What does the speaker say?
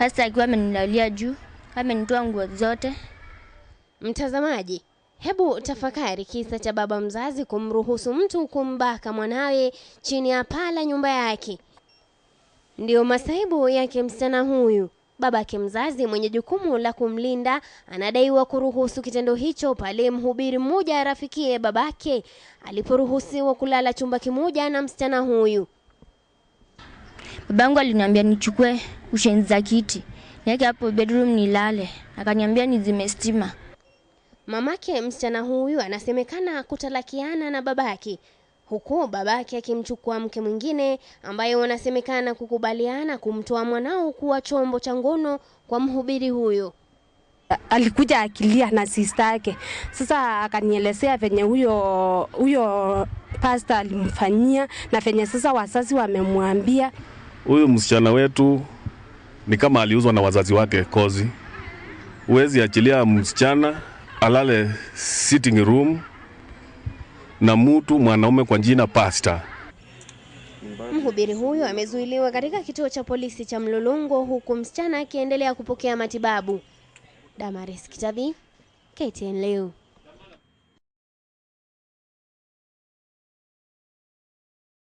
Pasta akiwa amenilalia juu, amenitoa nguo zote. Mtazamaji, hebu tafakari kisa cha baba mzazi kumruhusu mtu kumbaka mwanawe chini ya paa la nyumba yake. Ndiyo masaibu yake msichana huyu. Babake mzazi mwenye jukumu la kumlinda anadaiwa kuruhusu kitendo hicho pale mhubiri mmoja rafikie babake aliporuhusiwa kulala chumba kimoja na msichana huyu. Babangu aliniambia nichukue ushenzi za kiti niweke hapo bedroom nilale. Akaniambia ni zimestima Mamake msichana huyu anasemekana kutalakiana na babake, huku babake akimchukua mke mwingine ambaye wanasemekana kukubaliana kumtoa mwanao kuwa chombo cha ngono kwa mhubiri huyo. Alikuja akilia na sista yake. Sasa akanielezea venye huyo huyo pasta alimfanyia na venye sasa wasasi wamemwambia huyu msichana wetu ni kama aliuzwa na wazazi wake kozi. Huwezi achilia msichana alale sitting room na mtu mwanaume kwa jina pasta. Mhubiri huyo amezuiliwa katika kituo cha polisi cha Mlolongo huku msichana akiendelea kupokea matibabu. Damaris Kitavi, KTN leo.